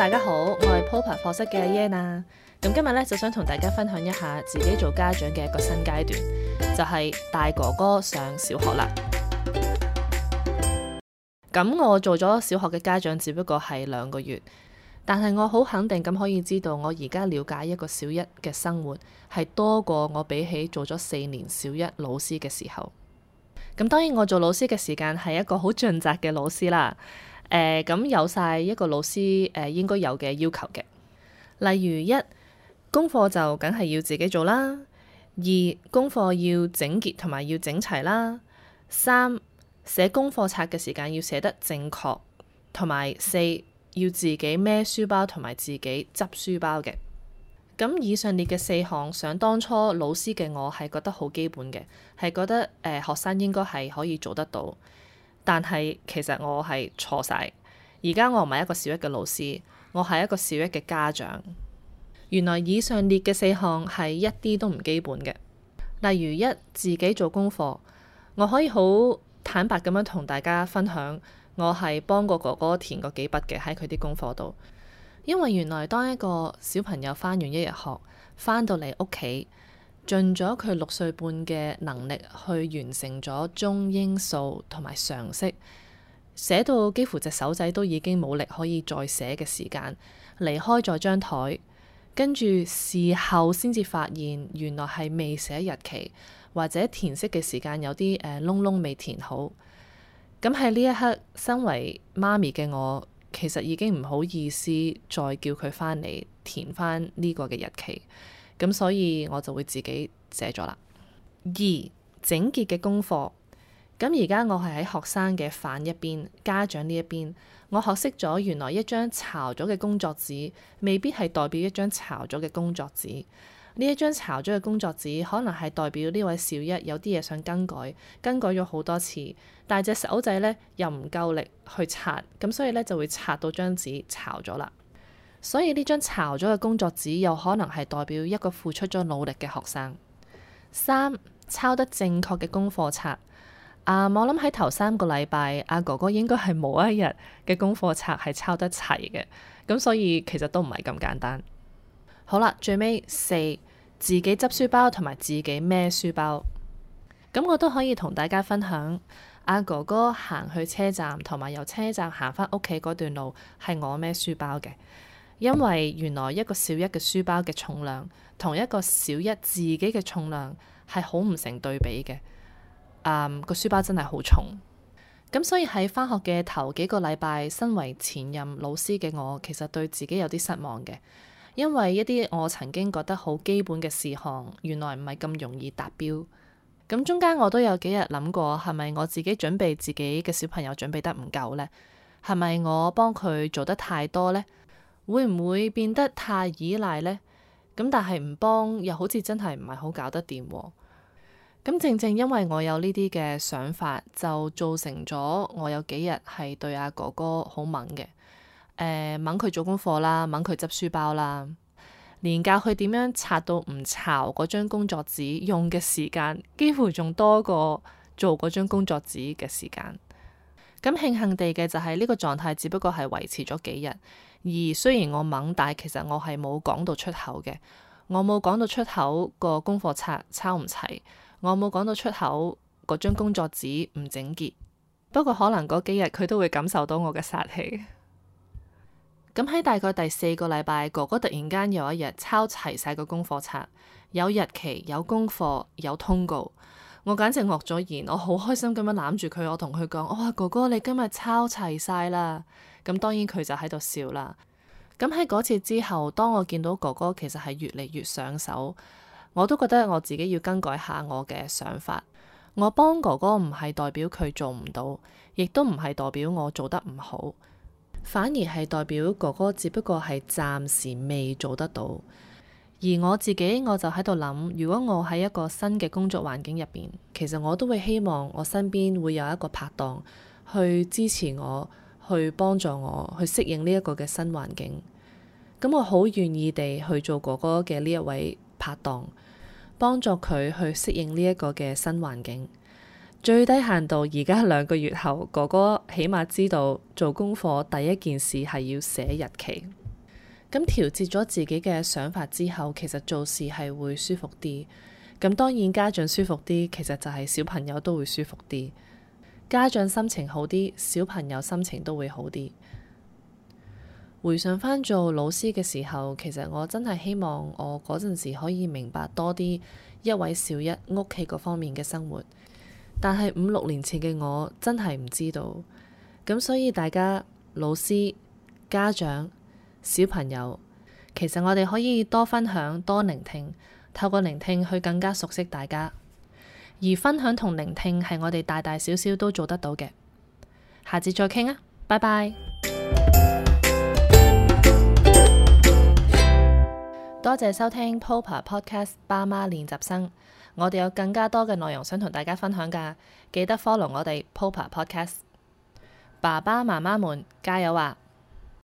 大家好，我係 Popper 課室嘅阿 Yena，咁今日呢，就想同大家分享一下自己做家長嘅一個新階段，就係大哥哥上小學啦。咁我做咗小學嘅家長只不過係兩個月，但係我好肯定咁可以知道，我而家了解一個小一嘅生活係多過我比起做咗四年小一老師嘅時候。咁當然我做老師嘅時間係一個好盡責嘅老師啦。誒咁、嗯、有晒一個老師誒、呃、應該有嘅要求嘅。例如一功課就梗係要自己做啦，二功課要整潔同埋要整齊啦，三寫功課冊嘅時間要寫得正確，同埋四要自己孭書包同埋自己執書包嘅。咁、嗯、以上列嘅四項，想當初老師嘅我係覺得好基本嘅，係覺得誒、呃、學生應該係可以做得到。但係其實我係錯晒。而家我唔係一個小一嘅老師，我係一個小一嘅家長。原來以上列嘅四項係一啲都唔基本嘅，例如一自己做功課，我可以好坦白咁樣同大家分享，我係幫個哥哥填過幾筆嘅喺佢啲功課度，因為原來當一個小朋友翻完一日學，翻到嚟屋企。盡咗佢六歲半嘅能力去完成咗中英數同埋常識，寫到幾乎隻手仔都已經冇力可以再寫嘅時間，離開咗張枱，跟住事後先至發現原來係未寫日期或者填色嘅時間有啲誒窿窿未填好，咁喺呢一刻，身為媽咪嘅我其實已經唔好意思再叫佢返嚟填翻呢個嘅日期。咁所以我就會自己寫咗啦。而整潔嘅功課。咁而家我係喺學生嘅反一邊，家長呢一邊，我學識咗原來一張皺咗嘅工作紙未必係代表一張皺咗嘅工作紙。呢一張皺咗嘅工作紙可能係代表呢位小一有啲嘢想更改，更改咗好多次，但係隻手仔咧又唔夠力去擦，咁所以咧就會擦到張紙皺咗啦。所以呢張抄咗嘅工作紙有可能係代表一個付出咗努力嘅學生。三，抄得正確嘅功課冊啊，我諗喺頭三個禮拜，阿哥哥應該係冇一日嘅功課冊係抄得齊嘅。咁所以其實都唔係咁簡單。好啦，最尾四，自己執書包同埋自己孭書包咁，我都可以同大家分享。阿哥哥行去車站同埋由車站行返屋企嗰段路係我孭書包嘅。因為原來一個小一嘅書包嘅重量，同一個小一自己嘅重量係好唔成對比嘅。嗯，個書包真係好重。咁所以喺返學嘅頭幾個禮拜，身為前任老師嘅我，其實對自己有啲失望嘅。因為一啲我曾經覺得好基本嘅事項，原來唔係咁容易達標。咁中間我都有幾日諗過，係咪我自己準備自己嘅小朋友準備得唔夠呢？係咪我幫佢做得太多呢？會唔會變得太依賴呢？咁但係唔幫，又好似真係唔係好搞得掂。咁正正因為我有呢啲嘅想法，就造成咗我有幾日係對阿哥哥好猛嘅。誒、呃，猛佢做功課啦，猛佢執書包啦，連教佢點樣擦到唔巢嗰張工作紙，用嘅時間幾乎仲多過做嗰張工作紙嘅時間。咁慶幸地嘅就係呢個狀態，只不過係維持咗幾日。而雖然我猛，但其實我係冇講到出口嘅，我冇講到出口個功課冊抄唔齊，我冇講到出口嗰張工作紙唔整潔。不過可能嗰幾日佢都會感受到我嘅殺氣。咁 喺大概第四個禮拜，哥哥突然間有一日抄齊晒個功課冊，有日期、有功課、有通告。我簡直愕咗然，我好開心咁樣攬住佢，我同佢講：哇、哦，哥哥，你今日抄齊晒啦！咁當然佢就喺度笑啦。咁喺嗰次之後，當我見到哥哥其實係越嚟越上手，我都覺得我自己要更改下我嘅想法。我幫哥哥唔係代表佢做唔到，亦都唔係代表我做得唔好，反而係代表哥哥只不過係暫時未做得到。而我自己我就喺度諗，如果我喺一個新嘅工作環境入邊，其實我都會希望我身邊會有一個拍檔去支持我、去幫助我、去適應呢一個嘅新環境。咁我好願意地去做哥哥嘅呢一位拍檔，幫助佢去適應呢一個嘅新環境。最低限度而家兩個月後，哥哥起碼知道做功課第一件事係要寫日期。咁調節咗自己嘅想法之後，其實做事係會舒服啲。咁當然家長舒服啲，其實就係小朋友都會舒服啲。家長心情好啲，小朋友心情都會好啲。回想翻做老師嘅時候，其實我真係希望我嗰陣時可以明白多啲一,一位小一屋企嗰方面嘅生活。但係五六年前嘅我真係唔知道。咁所以大家老師、家長。小朋友，其實我哋可以多分享、多聆聽，透過聆聽去更加熟悉大家。而分享同聆聽係我哋大大小小都做得到嘅。下次再傾啊，拜拜！ 多謝收聽 Papa Podcast 爸媽練習生，我哋有更加多嘅內容想同大家分享噶，記得 follow 我哋 Papa Podcast。爸爸媽媽們，加油啊！